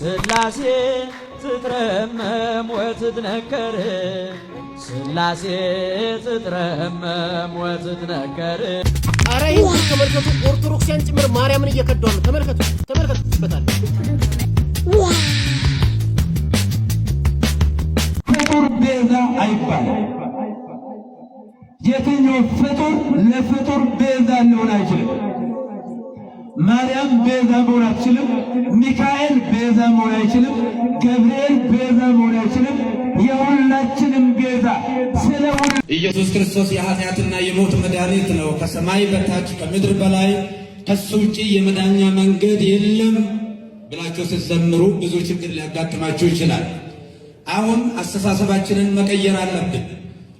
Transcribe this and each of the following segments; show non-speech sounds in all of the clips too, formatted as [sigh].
ስላሴ ትትረመም ወትትነከር ስላሴ ትትረመም ወትትነከር። አረ ይህ ተመልከቱ፣ ኦርቶዶክሲያን ጭምር ማርያምን እየከዷ ነው። ተመልከቱ፣ ተመልከቱ ይበታል ፍጡር ቤዛ አይባልም። የትኛው ፍጡር ለፍጡር ቤዛ ሊሆን አይችልም። ማርያም ቤዛ መሆን አትችልም። ሚካኤል ቤዛ መሆን አይችልም። ገብርኤል ቤዛ መሆን አይችልም። የሁላችንም ቤዛ ስለሆነ ኢየሱስ ክርስቶስ የኃጢአትና የሞት መድኃኒት ነው። ከሰማይ በታች ከምድር በላይ ከሱ ውጭ የመዳኛ መንገድ የለም ብላችሁ ስትዘምሩ ብዙ ችግር ሊያጋጥማችሁ ይችላል። አሁን አስተሳሰባችንን መቀየር አለብን።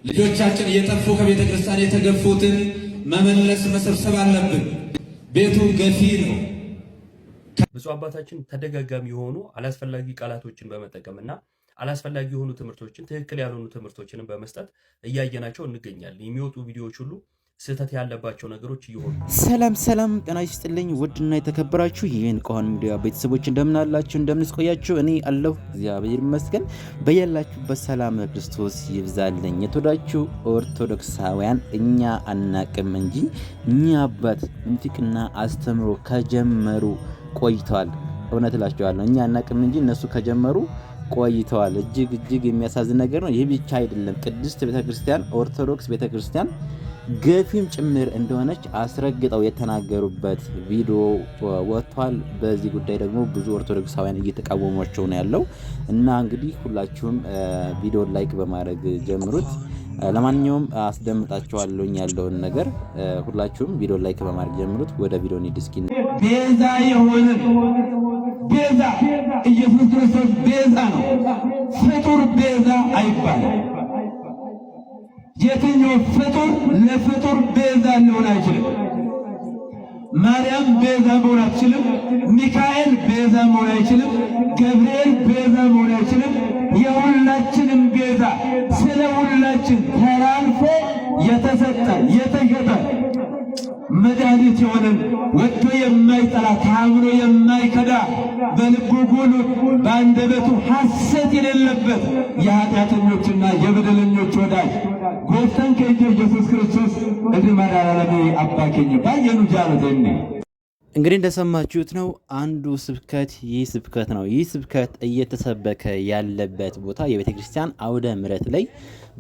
ልጆቻችን እየጠፉ ከቤተ ክርስቲያን የተገፉትን መመለስ መሰብሰብ አለብን። ቤቱ ገፊ ነው። ብዙ አባታችን ተደጋጋሚ የሆኑ አላስፈላጊ ቃላቶችን በመጠቀም እና አላስፈላጊ የሆኑ ትምህርቶችን ትክክል ያልሆኑ ትምህርቶችንም በመስጠት እያየናቸው እንገኛለን። የሚወጡ ቪዲዮዎች ሁሉ ስህተት ያለባቸው ነገሮች እየሆኑ ሰላም ሰላም፣ ጤና ይስጥልኝ ውድና የተከበራችሁ ይህን ከሆን ሚዲያ ቤተሰቦች እንደምናላችሁ እንደምንስቆያችሁ፣ እኔ አለሁ እግዚአብሔር ይመስገን። በያላችሁበት ሰላም ክርስቶስ ይብዛልኝ። የተወዳችሁ ኦርቶዶክሳውያን እኛ አናቅም እንጂ እኛ አባት ምንቲቅና አስተምሮ ከጀመሩ ቆይተዋል። እውነት እላቸዋለሁ እኛ አናቅም እንጂ እነሱ ከጀመሩ ቆይተዋል። እጅግ እጅግ የሚያሳዝን ነገር ነው። ይህ ብቻ አይደለም። ቅድስት ቤተክርስቲያን ኦርቶዶክስ ቤተክርስቲያን ገፊም ጭምር እንደሆነች አስረግጠው የተናገሩበት ቪዲዮ ወጥቷል። በዚህ ጉዳይ ደግሞ ብዙ ኦርቶዶክሳውያን እየተቃወሟቸው ነው ያለው እና እንግዲህ ሁላችሁም ቪዲዮ ላይክ በማድረግ ጀምሩት። ለማንኛውም አስደምጣቸዋለሁኝ ያለውን ነገር ሁላችሁም ቪዲዮ ላይክ በማድረግ ጀምሩት። ወደ ቪዲዮ ኒድ እስኪ ቤዛ የሆነ ቤዛ ኢየሱስ ክርስቶስ ቤዛ ነው። ፍጡር ቤዛ አይባልም። የትኛው ፍጡር ለፍጡር ቤዛ ሊሆን አይችልም። ማርያም ቤዛ መሆን አትችልም። ሚካኤል ቤዛ መሆን አይችልም። ገብርኤል ቤዛ መሆን አይችልም። የሁላችንም ቤዛ ስለ ሁላችን ተላልፎ የተሰጠ የተሸጠ መድኃኒት የሆነን ወዶ የማይጠላ ታምኖ የማይከዳ በልቡ ጉሉት በአንደበቱ ሐሰት የሌለበት የኃጢአተኞችና የበደለኞች ወዳጅ ጎፍተን ከእጀ ኢየሱስ ክርስቶስ እድመዳ መዳላለሜ አባኬኝ ባየኑ ጃሎት የሚ እንግዲህ እንደሰማችሁት ነው። አንዱ ስብከት ይህ ስብከት ነው። ይህ ስብከት እየተሰበከ ያለበት ቦታ የቤተ ክርስቲያን አውደ ምረት ላይ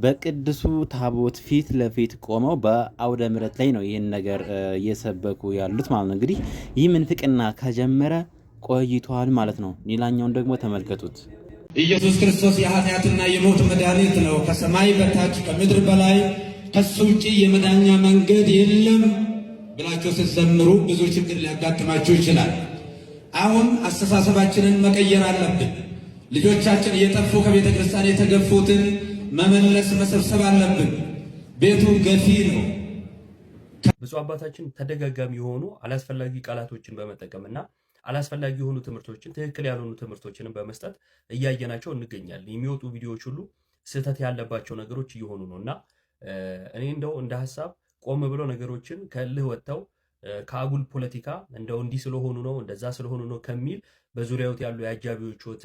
በቅዱሱ ታቦት ፊት ለፊት ቆመው በአውደ ምረት ላይ ነው ይህን ነገር እየሰበኩ ያሉት ማለት ነው። እንግዲህ ይህ ምንፍቅና ከጀመረ ቆይቷል ማለት ነው። ሌላኛውን ደግሞ ተመልከቱት። ኢየሱስ ክርስቶስ የኃጢአትና የሞት መድኃኒት ነው። ከሰማይ በታች ከምድር በላይ ከሱ ውጭ የመዳኛ መንገድ የለም ብላቸው ስትዘምሩ ብዙ ችግር ሊያጋጥማችሁ ይችላል። አሁን አስተሳሰባችንን መቀየር አለብን። ልጆቻችን እየጠፉ ከቤተ ክርስቲያን የተገፉትን መመለስ መሰብሰብ አለብን። ቤቱ ገፊ ነው። ብፁዕ አባታችን ተደጋጋሚ የሆኑ አላስፈላጊ ቃላቶችን በመጠቀምና አላስፈላጊ የሆኑ ትምህርቶችን ትክክል ያልሆኑ ትምህርቶችንም በመስጠት እያየናቸው እንገኛለን። የሚወጡ ቪዲዮዎች ሁሉ ስህተት ያለባቸው ነገሮች እየሆኑ ነው እና እኔ እንደው እንደ ሀሳብ ቆም ብለው ነገሮችን ከልህ ወጥተው ከአጉል ፖለቲካ እንደው እንዲህ ስለሆኑ ነው እንደዛ ስለሆኑ ነው ከሚል በዙሪያዎት ያሉ ወት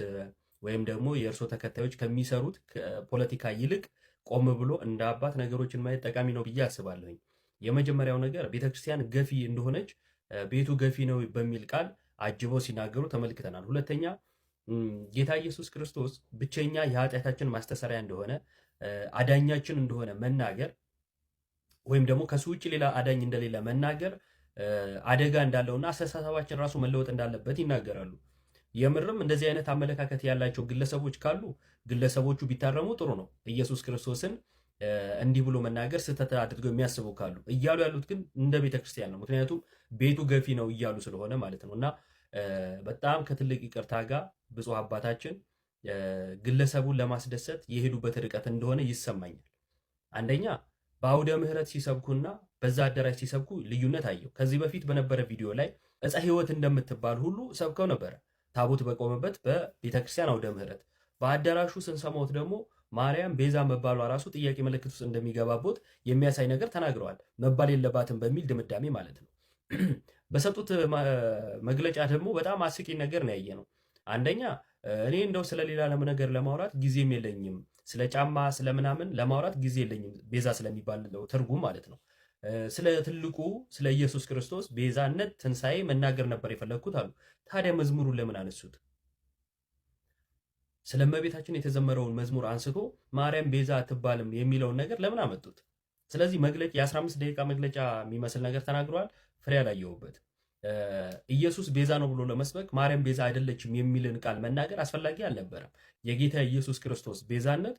ወይም ደግሞ የእርሶ ተከታዮች ከሚሰሩት ፖለቲካ ይልቅ ቆም ብሎ እንደ አባት ነገሮችን ማየት ጠቃሚ ነው ብዬ አስባለሁኝ። የመጀመሪያው ነገር ቤተክርስቲያን ገፊ እንደሆነች ቤቱ ገፊ ነው በሚል ቃል አጅበው ሲናገሩ ተመልክተናል። ሁለተኛ ጌታ ኢየሱስ ክርስቶስ ብቸኛ የኃጢአታችን ማስተሰሪያ እንደሆነ አዳኛችን እንደሆነ መናገር ወይም ደግሞ ከሱ ውጭ ሌላ አዳኝ እንደሌለ መናገር አደጋ እንዳለውና አስተሳሰባችን ራሱ መለወጥ እንዳለበት ይናገራሉ። የምርም እንደዚህ አይነት አመለካከት ያላቸው ግለሰቦች ካሉ ግለሰቦቹ ቢታረሙ ጥሩ ነው። ኢየሱስ ክርስቶስን እንዲህ ብሎ መናገር ስህተት አድርገው የሚያስቡ ካሉ እያሉ ያሉት ግን እንደ ቤተ ክርስቲያን ነው። ምክንያቱም ቤቱ ገፊ ነው እያሉ ስለሆነ ማለት ነው። እና በጣም ከትልቅ ይቅርታ ጋር ብፁዕ አባታችን ግለሰቡን ለማስደሰት የሄዱበት ርቀት እንደሆነ ይሰማኛል። አንደኛ በአውደ ምሕረት ሲሰብኩና በዛ አዳራሽ ሲሰብኩ ልዩነት አየው። ከዚህ በፊት በነበረ ቪዲዮ ላይ እፀ ሕይወት እንደምትባል ሁሉ ሰብከው ነበረ። ታቦት በቆመበት በቤተክርስቲያን አውደ ምህረት በአዳራሹ ስንሰማዎት ደግሞ ማርያም ቤዛ መባሏ ራሱ ጥያቄ ምልክት ውስጥ እንደሚገባቦት የሚያሳይ ነገር ተናግረዋል። መባል የለባትም በሚል ድምዳሜ ማለት ነው። [clears throat] በሰጡት መግለጫ ደግሞ በጣም አስቂ ነገር ነው ያየ ነው። አንደኛ እኔ እንደው ስለሌላ ነገር ለማውራት ጊዜም የለኝም፣ ስለ ጫማ ስለምናምን ለማውራት ጊዜ የለኝም፣ ቤዛ ስለሚባለው ትርጉም ማለት ነው። ስለ ትልቁ ስለ ኢየሱስ ክርስቶስ ቤዛነት ትንሣኤ መናገር ነበር የፈለግኩት አሉ። ታዲያ መዝሙሩን ለምን አነሱት? ስለ እመቤታችን የተዘመረውን መዝሙር አንስቶ ማርያም ቤዛ አትባልም የሚለውን ነገር ለምን አመጡት? ስለዚህ መግለጫ የ15 ደቂቃ መግለጫ የሚመስል ነገር ተናግረዋል። ፍሬ ያላየሁበት ኢየሱስ ቤዛ ነው ብሎ ለመስበክ ማርያም ቤዛ አይደለችም የሚልን ቃል መናገር አስፈላጊ አልነበረም። የጌታ ኢየሱስ ክርስቶስ ቤዛነት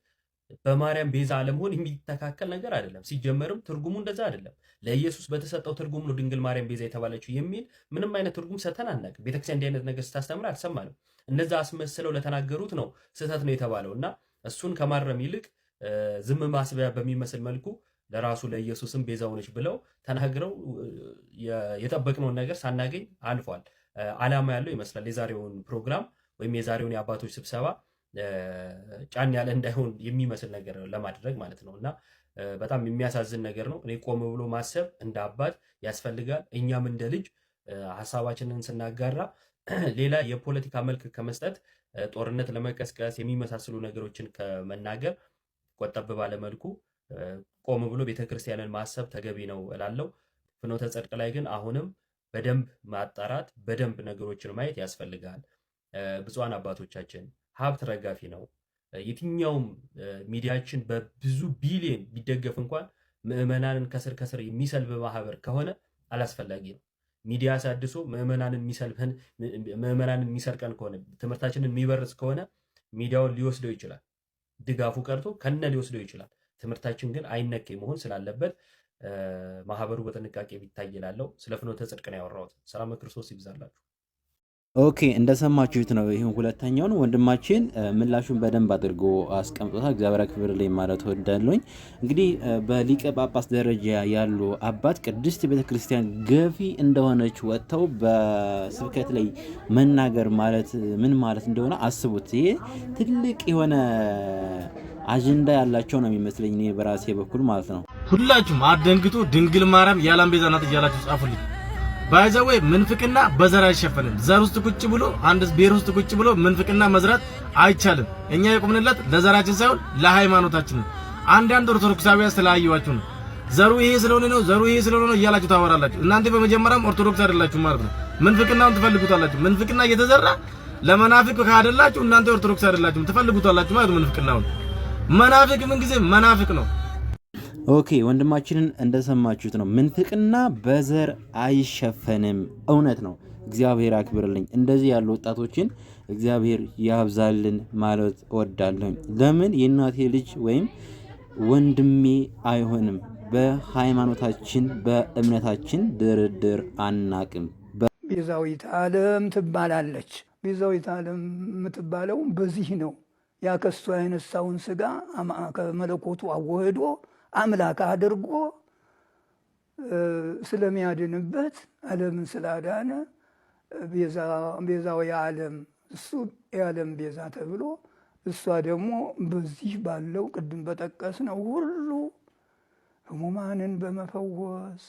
በማርያም ቤዛ አለመሆን የሚተካከል ነገር አይደለም። ሲጀመርም ትርጉሙ እንደዛ አይደለም። ለኢየሱስ በተሰጠው ትርጉም ነው ድንግል ማርያም ቤዛ የተባለችው የሚል ምንም አይነት ትርጉም ሰተን አናውቅም። ቤተክርስቲያን እንዲህ አይነት ነገር ስታስተምር አልሰማንም። እነዛ አስመስለው ለተናገሩት ነው ስህተት ነው የተባለው እና እሱን ከማረም ይልቅ ዝም ማስቢያ በሚመስል መልኩ ለራሱ ለኢየሱስም ቤዛ ሆነች ብለው ተናግረው የጠበቅነውን ነገር ሳናገኝ አልፏል። ዓላማ ያለው ይመስላል የዛሬውን ፕሮግራም ወይም የዛሬውን የአባቶች ስብሰባ ጫን ያለ እንዳይሆን የሚመስል ነገር ለማድረግ ማለት ነው እና በጣም የሚያሳዝን ነገር ነው። እኔ ቆም ብሎ ማሰብ እንደ አባት ያስፈልጋል። እኛም እንደ ልጅ ሀሳባችንን ስናጋራ [clears throat] ሌላ የፖለቲካ መልክ ከመስጠት ጦርነት ለመቀስቀስ የሚመሳስሉ ነገሮችን ከመናገር ቆጠብ ባለ መልኩ ቆም ብሎ ቤተክርስቲያንን ማሰብ ተገቢ ነው እላለሁ። ፍኖተ ጽድቅ ላይ ግን አሁንም በደንብ ማጣራት፣ በደንብ ነገሮችን ማየት ያስፈልጋል። ብፁዓን አባቶቻችን ሀብት ረጋፊ ነው። የትኛውም ሚዲያችን በብዙ ቢሊዮን ቢደገፍ እንኳን ምዕመናንን ከስር ከስር የሚሰልብ ማህበር ከሆነ አላስፈላጊ ነው። ሚዲያ አሳድሶ ምዕመናንን የሚሰልቀን ከሆነ ትምህርታችንን የሚበርስ ከሆነ ሚዲያውን ሊወስደው ይችላል። ድጋፉ ቀርቶ ከነ ሊወስደው ይችላል። ትምህርታችን ግን አይነኬ መሆን ስላለበት ማህበሩ በጥንቃቄ ቢታይ እላለሁ። ስለ ፍኖተ ጽድቅ ነው ያወራሁት። ሰላም ክርስቶስ ይብዛላችሁ። ኦኬ እንደሰማችሁት ነው። ይህን ሁለተኛውን ወንድማችን ምላሹን በደንብ አድርጎ አስቀምጦታል። እግዚአብሔር ክብር ላይ ማለት ወዳለኝ እንግዲህ በሊቀ ጳጳስ ደረጃ ያሉ አባት ቅድስት ቤተ ክርስቲያን ገፊ እንደሆነች ወጥተው በስብከት ላይ መናገር ማለት ምን ማለት እንደሆነ አስቡት። ይሄ ትልቅ የሆነ አጀንዳ ያላቸው ነው የሚመስለኝ እኔ በራሴ በኩል ማለት ነው። ሁላችሁም አደንግጡ። ድንግል ማርያም ያላም ቤዛ ናት እያላችሁ ጻፉልኝ። ባይዘወይ ምንፍቅና በዘር አይሸፈንም። ዘር ውስጥ ቁጭ ብሎ አንድ ብሔር ውስጥ ቁጭ ብሎ ምንፍቅና መዝራት አይቻልም። እኛ የቆምንለት ለዘራችን ሳይሆን ለሃይማኖታችን ነው። አንዳንድ ኦርቶዶክሳዊያን ስለያዩዋችሁ ነው። ዘሩ ይሄ ስለሆነ ነው፣ ዘሩ ይሄ ስለሆነ ነው እያላችሁ ታወራላችሁ። እናንተ በመጀመሪያም ኦርቶዶክስ አይደላችሁ ማለት ነው። ምንፍቅናውን ትፈልጉታላችሁ። ምንፍቅና እየተዘራ ለመናፍቅ ካደላችሁ እናንተ ኦርቶዶክስ አይደላችሁ ትፈልጉታላችሁ ማለት ምንፍቅናውን። መናፍቅ ምን ጊዜ መናፍቅ ነው። ኦኬ ወንድማችንን እንደሰማችሁት ነው። ምንፍቅና በዘር አይሸፈንም። እውነት ነው። እግዚአብሔር አክብርልኝ። እንደዚህ ያሉ ወጣቶችን እግዚአብሔር ያብዛልን ማለት እወዳለሁኝ። ለምን የእናቴ ልጅ ወይም ወንድሜ አይሆንም። በሃይማኖታችን በእምነታችን ድርድር አናቅም። ቤዛዊት ዓለም ትባላለች። ቤዛዊት ዓለም የምትባለው በዚህ ነው። ያከሱ ያነሳውን ስጋ ከመለኮቱ አወህዶ አምላክ አድርጎ ስለሚያድንበት ዓለምን ስላዳነ ቤዛው የዓለም እሱ የዓለም ቤዛ ተብሎ እሷ ደግሞ በዚህ ባለው ቅድም በጠቀስ ነው ሁሉ ሕሙማንን በመፈወስ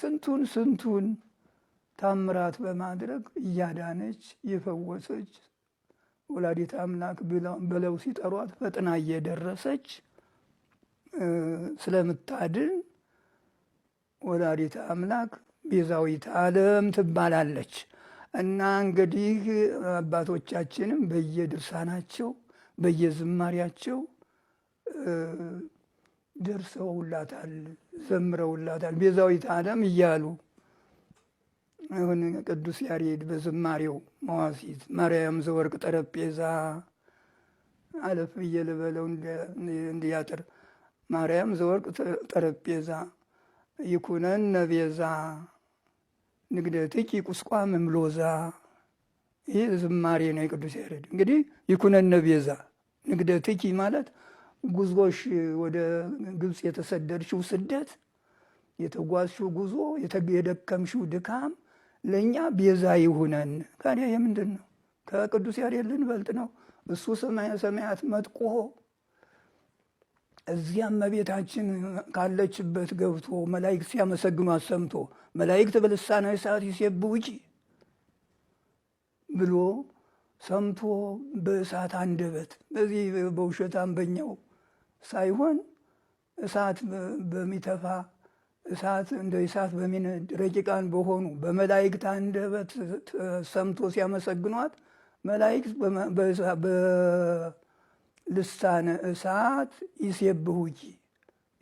ስንቱን ስንቱን ታምራት በማድረግ እያዳነች የፈወሰች ወላዲት አምላክ ብለው ሲጠሯት ፈጥና እየደረሰች ስለምታድን ወላዲት አምላክ ቤዛዊት ዓለም ትባላለች። እና እንግዲህ አባቶቻችንም በየድርሳናቸው በየዝማሪያቸው ደርሰውላታል፣ ዘምረውላታል ቤዛዊት ዓለም እያሉ አሁን ቅዱስ ያሬድ በዝማሬው መዋሲት ማርያም ዘወርቅ ጠረጴዛ አለፍ ብዬ ልበለው እንዲያጥር ማርያም ዘወርቅ ጠረጴዛ ይኩነን ነቤዛ ንግደትኪ ቁስቋ እምሎዛ። ይህ ዝማሬ ነው የቅዱስ ያሬድ። እንግዲህ ይኩነን ነቤዛ ንግደትኪ ማለት ጉዞሽ ወደ ግብፅ የተሰደድሽው ስደት የተጓዝሽው ጉዞ የደከምሽው ድካም ለእኛ ቤዛ ይሁነን። ከኔ የምንድን ነው? ከቅዱስ ያሬድ ልንበልጥ ነው? እሱ ሰማየ ሰማያት መጥቆ እዚያም እመቤታችን ካለችበት ገብቶ መላእክት ሲያመሰግኑ አሰምቶ መላእክት በልሳነ እሳት ይሴብ ውጪ ብሎ ሰምቶ በእሳት አንደበት በዚህ በውሸት አንበኛው ሳይሆን እሳት በሚተፋ እሳት እንደ እሳት በሚን ረቂቃን በሆኑ በመላይክት አንደበት ሰምቶ ሲያመሰግኗት መላይክት በልሳነ እሳት ይሴብሁኪ።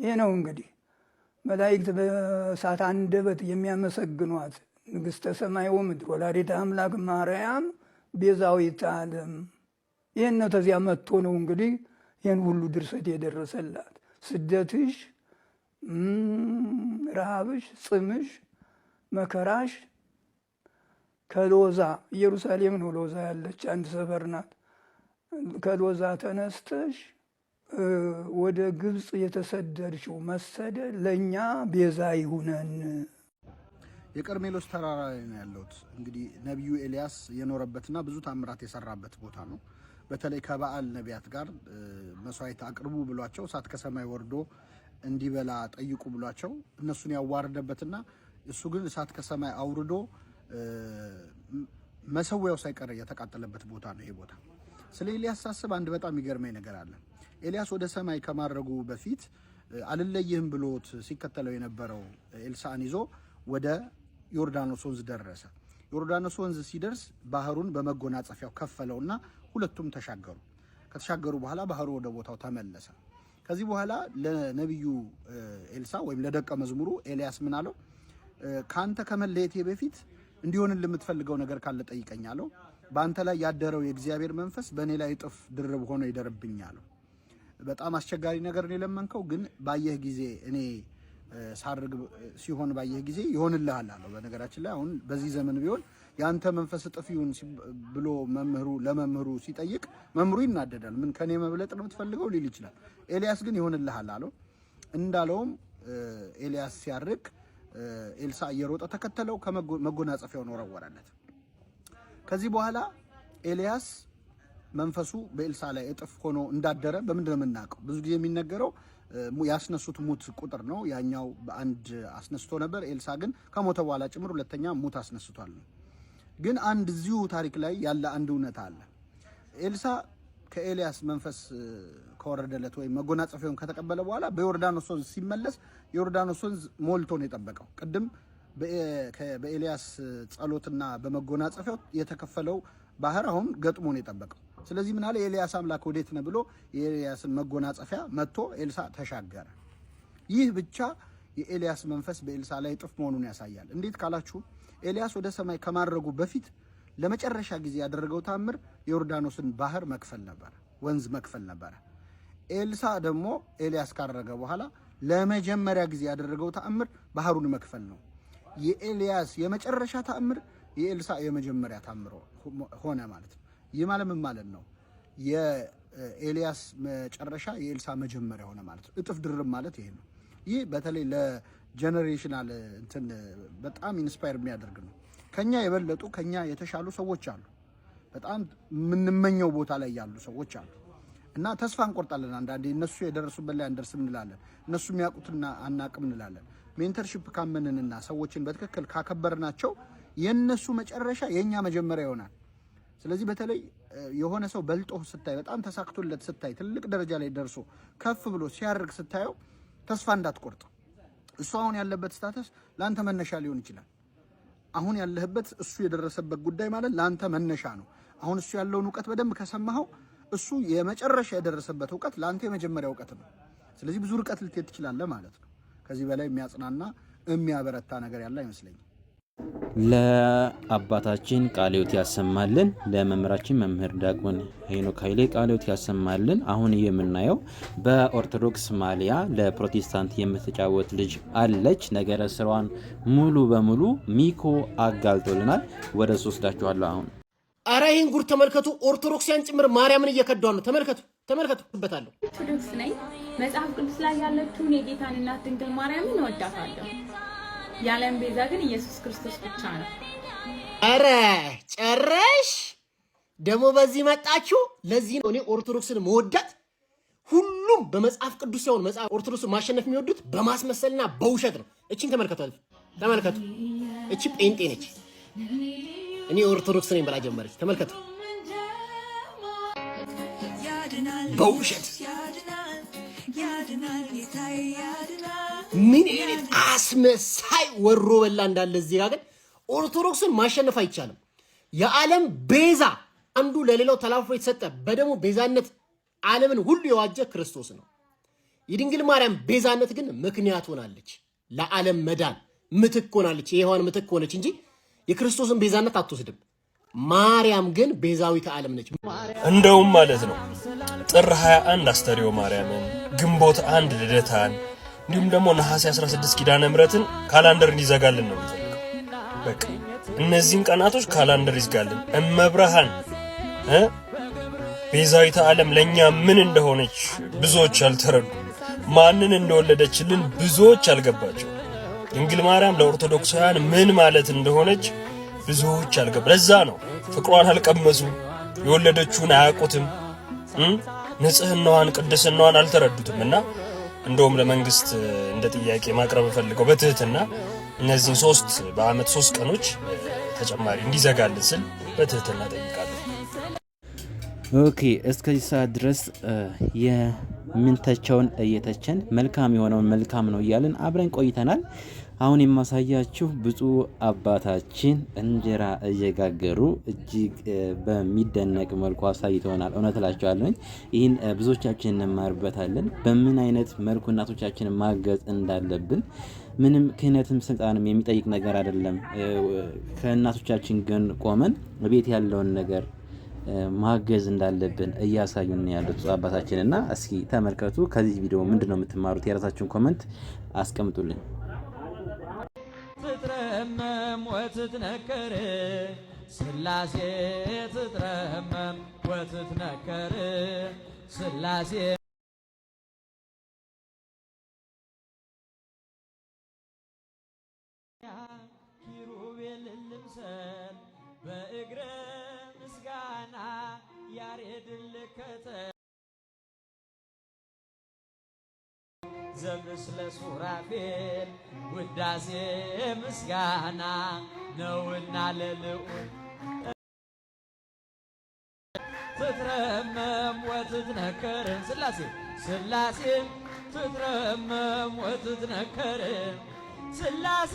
ይህ ነው እንግዲህ መላይክት በእሳት አንደበት የሚያመሰግኗት ንግሥተ ሰማይ ወምድር ወላዲተ አምላክ ማርያም ቤዛዊት ዓለም። ይህን ነው ተዚያ መጥቶ ነው እንግዲህ ይህን ሁሉ ድርሰት የደረሰላት ስደትሽ ረሃብሽ፣ ጽምሽ፣ መከራሽ ከሎዛ ኢየሩሳሌም ነው ሎዛ ያለች አንድ ሰፈር ናት። ከሎዛ ተነስተሽ ወደ ግብፅ የተሰደድሽው መሰደድ ለእኛ ቤዛ ይሁነን። የቀርሜሎስ ተራራ ላይ ነው ያለሁት። እንግዲህ ነቢዩ ኤልያስ የኖረበትና ብዙ ታምራት የሰራበት ቦታ ነው። በተለይ ከበዓል ነቢያት ጋር መስዋዕት አቅርቡ ብሏቸው እሳት ከሰማይ ወርዶ እንዲበላ ጠይቁ ብሏቸው እነሱን ያዋረደበትና እሱ ግን እሳት ከሰማይ አውርዶ መሰዊያው ሳይቀር የተቃጠለበት ቦታ ነው ይሄ ቦታ። ስለ ኤልያስ ሳስብ አንድ በጣም ይገርመኝ ነገር አለ። ኤልያስ ወደ ሰማይ ከማድረጉ በፊት አልለይህም ብሎት ሲከተለው የነበረው ኤልሳን ይዞ ወደ ዮርዳኖስ ወንዝ ደረሰ። ዮርዳኖስ ወንዝ ሲደርስ ባህሩን በመጎናጸፊያው ከፈለውና ሁለቱም ተሻገሩ። ከተሻገሩ በኋላ ባህሩ ወደ ቦታው ተመለሰ። ከዚህ በኋላ ለነቢዩ ኤልሳ ወይም ለደቀ መዝሙሩ ኤልያስ ምን አለው? ከአንተ ከመለየቴ በፊት እንዲሆን የምትፈልገው ነገር ካለ ጠይቀኝ አለው። በአንተ ላይ ያደረው የእግዚአብሔር መንፈስ በእኔ ላይ እጥፍ ድርብ ሆኖ ይደርብኝ አለው። በጣም አስቸጋሪ ነገር ነው የለመንከው፣ ግን ባየህ ጊዜ እኔ ሳርግ ሲሆን ባየህ ጊዜ ይሆንልሃል አለው። በነገራችን ላይ አሁን በዚህ ዘመን ቢሆን የአንተ መንፈስ እጥፍ ይሁን ብሎ መምህሩ ለመምህሩ ሲጠይቅ መምህሩ ይናደዳል። ምን ከኔ መብለጥ ነው የምትፈልገው ሊል ይችላል። ኤልያስ ግን ይሆንልሃል አለው። እንዳለውም ኤልያስ ሲያርቅ ኤልሳ እየሮጠ ተከተለው፣ ከመጎናጸፊያውን ወረወረለት። ከዚህ በኋላ ኤልያስ መንፈሱ በኤልሳ ላይ እጥፍ ሆኖ እንዳደረ በምንድን ነው የምናውቀው? ብዙ ጊዜ የሚነገረው ያስነሱት ሙት ቁጥር ነው። ያኛው በአንድ አስነስቶ ነበር። ኤልሳ ግን ከሞተ በኋላ ጭምር ሁለተኛ ሙት አስነስቷል ነው ግን አንድ እዚሁ ታሪክ ላይ ያለ አንድ እውነት አለ። ኤልሳ ከኤልያስ መንፈስ ከወረደለት ወይም መጎናጸፊያውን ከተቀበለ በኋላ በዮርዳኖስ ወንዝ ሲመለስ ዮርዳኖስ ወንዝ ሞልቶ ነው የጠበቀው። ቅድም በኤልያስ ጸሎትና በመጎናጸፊያው የተከፈለው ባህር አሁን ገጥሞ ነው የጠበቀው። ስለዚህ ምናለ የኤልያስ አምላክ ወዴት ነ ብሎ የኤልያስን መጎናጸፊያ መጥቶ ኤልሳ ተሻገረ። ይህ ብቻ የኤልያስ መንፈስ በኤልሳ ላይ እጥፍ መሆኑን ያሳያል። እንዴት ካላችሁ ኤልያስ ወደ ሰማይ ከማድረጉ በፊት ለመጨረሻ ጊዜ ያደረገው ታምር የዮርዳኖስን ባህር መክፈል ነበረ፣ ወንዝ መክፈል ነበረ። ኤልሳ ደግሞ ኤልያስ ካረገ በኋላ ለመጀመሪያ ጊዜ ያደረገው ተአምር ባህሩን መክፈል ነው። የኤልያስ የመጨረሻ ተአምር የኤልሳ የመጀመሪያ ታምሮ ሆነ ማለት ነው። ይህ ማለት ምን ማለት ነው? የኤልያስ መጨረሻ የኤልሳ መጀመሪያ ሆነ ማለት ነው። እጥፍ ድርብ ማለት ይሄ ነው። ይህ በተለይ ለጀኔሬሽናል እንትን በጣም ኢንስፓየር የሚያደርግ ነው። ከኛ የበለጡ ከኛ የተሻሉ ሰዎች አሉ። በጣም የምንመኘው ቦታ ላይ ያሉ ሰዎች አሉ እና ተስፋ እንቆርጣለን። አንዳንዴ እነሱ የደረሱበት ላይ አንደርስም እንላለን፣ እነሱ የሚያውቁትና አናቅም እንላለን። ሜንተርሽፕ ካመንንና ሰዎችን በትክክል ካከበርናቸው የእነሱ መጨረሻ የእኛ መጀመሪያ ይሆናል። ስለዚህ በተለይ የሆነ ሰው በልጦ ስታይ፣ በጣም ተሳክቶለት ስታይ፣ ትልቅ ደረጃ ላይ ደርሶ ከፍ ብሎ ሲያርግ ስታየው ተስፋ እንዳትቆርጥ። እሱ አሁን ያለበት ስታተስ ለአንተ መነሻ ሊሆን ይችላል። አሁን ያለህበት እሱ የደረሰበት ጉዳይ ማለት ለአንተ መነሻ ነው። አሁን እሱ ያለውን እውቀት በደንብ ከሰማኸው እሱ የመጨረሻ የደረሰበት እውቀት ለአንተ የመጀመሪያ እውቀት ነው። ስለዚህ ብዙ ርቀት ልትሄድ ትችላለህ ማለት ነው። ከዚህ በላይ የሚያጽናና የሚያበረታ ነገር ያለ አይመስለኝም። ለአባታችን ቃሌዎት ያሰማልን። ለመምህራችን መምህር ዲያቆን ሄኖክ ኃይሌ ቃሌዎት ያሰማልን። አሁን የምናየው በኦርቶዶክስ ማሊያ ለፕሮቴስታንት የምትጫወት ልጅ አለች። ነገረ ስሯን ሙሉ በሙሉ ሚኮ አጋልጦልናል። ወደ እሱ ወስዳችኋለሁ። አሁን አረ ይህን ጉድ ተመልከቱ። ኦርቶዶክሲያን ጭምር ማርያምን እየከዷ ነው። ተመልከቱ፣ ተመልከቱ። በታለሁ ኦርቶዶክስ ነኝ። መጽሐፍ ቅዱስ ላይ ያለችውን የጌታን እናት ድንግል ማርያምን እወዳታለሁ የዓለም ቤዛ ግን ኢየሱስ ክርስቶስ ብቻ ነው። አረ ጨረሽ ደግሞ በዚህ መጣችሁ። ለዚህ ነው እኔ ኦርቶዶክስን መወዳት። ሁሉም በመጽሐፍ ቅዱስ ሲሆን መጽሐፍ ኦርቶዶክስ ማሸነፍ የሚወዱት በማስመሰልና በውሸት ነው። እቺን ተመልከቷል፣ ተመልከቱ። እቺ ጴንጤ ነች። እኔ ኦርቶዶክስ ነኝ ብላ ጀመረች። ተመልከቱ፣ በውሸት ያድናል ጌታ ምን አይነት አስመሳይ ወሮ በላ እንዳለ እዚህ ጋር ግን ኦርቶዶክስን ማሸነፍ አይቻልም። የዓለም ቤዛ አንዱ ለሌላው ተላልፎ የተሰጠ በደሙ ቤዛነት ዓለምን ሁሉ የዋጀ ክርስቶስ ነው። የድንግል ማርያም ቤዛነት ግን ምክንያት ሆናለች፣ ለዓለም መዳን ምትክ ሆናለች። የሔዋን ምትክ ሆነች እንጂ የክርስቶስን ቤዛነት አትወስድም። ማርያም ግን ቤዛዊተ ዓለም ነች። እንደውም ማለት ነው ጥር 21 አስተሪዮ ማርያምን፣ ግንቦት አንድ ልደታን እንዲሁም ደግሞ ነሐሴ 16 ኪዳነ ምሕረትን ካላንደር እንዲዘጋልን ነው የሚፈልገው። በቃ እነዚህን ቀናቶች ካላንደር ይዝጋልን። እመብርሃን ቤዛዊተ ዓለም ለእኛ ምን እንደሆነች ብዙዎች አልተረዱ፣ ማንን እንደወለደችልን ብዙዎች አልገባቸው። ድንግል ማርያም ለኦርቶዶክሳውያን ምን ማለት እንደሆነች ብዙዎች አልገባ። ለዛ ነው ፍቅሯን አልቀመሱ፣ የወለደችውን አያውቁትም፣ ንጽህናዋን ቅድስናዋን አልተረዱትም እና እንደውም ለመንግስት እንደ ጥያቄ ማቅረብ ፈልገው በትህትና እነዚህን ሶስት በአመት ሶስት ቀኖች ተጨማሪ እንዲዘጋልን ስል በትህትና ጠይቃለሁ። ኦኬ እስከዚህ ሰዓት ድረስ የምንተቸውን እየተቸን መልካም የሆነውን መልካም ነው እያልን አብረን ቆይተናል። አሁን የማሳያችሁ ብፁዕ አባታችን እንጀራ እየጋገሩ እጅግ በሚደነቅ መልኩ አሳይተውናል። እውነት እላቸዋለሁኝ ይህን ብዙዎቻችን እንማርበታለን። በምን አይነት መልኩ እናቶቻችን ማገዝ እንዳለብን ምንም ክህነትም ስልጣንም የሚጠይቅ ነገር አይደለም። ከእናቶቻችን ግን ቆመን ቤት ያለውን ነገር ማገዝ እንዳለብን እያሳዩን ያሉት ብፁዕ አባታችን እና እስኪ ተመልከቱ። ከዚህ ቪዲዮ ምንድን ነው የምትማሩት? የራሳችሁን ኮመንት አስቀምጡልን። ትትረመም ወትትነከር ሥላሴ ትትረመም ወትትነከር ስላሴ ኪሩቤልን ልብሰን በእግረ ምስጋና ያሬድን ልከተል ዘምርስ ለሱራፌል ውዳሴ ምስጋና ነውና ለልዑ ትትረመም ወትትነከርን ስላሴ ስላሴ ትትረመም ወትትነከርን ስላሴ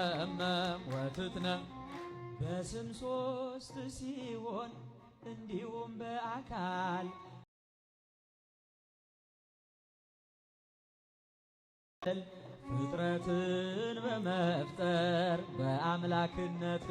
እመም ወፍትነ በስም ሶስት ሲሆን እንዲሁም በአካል ፍጥረትን በመፍጠር በአምላክነት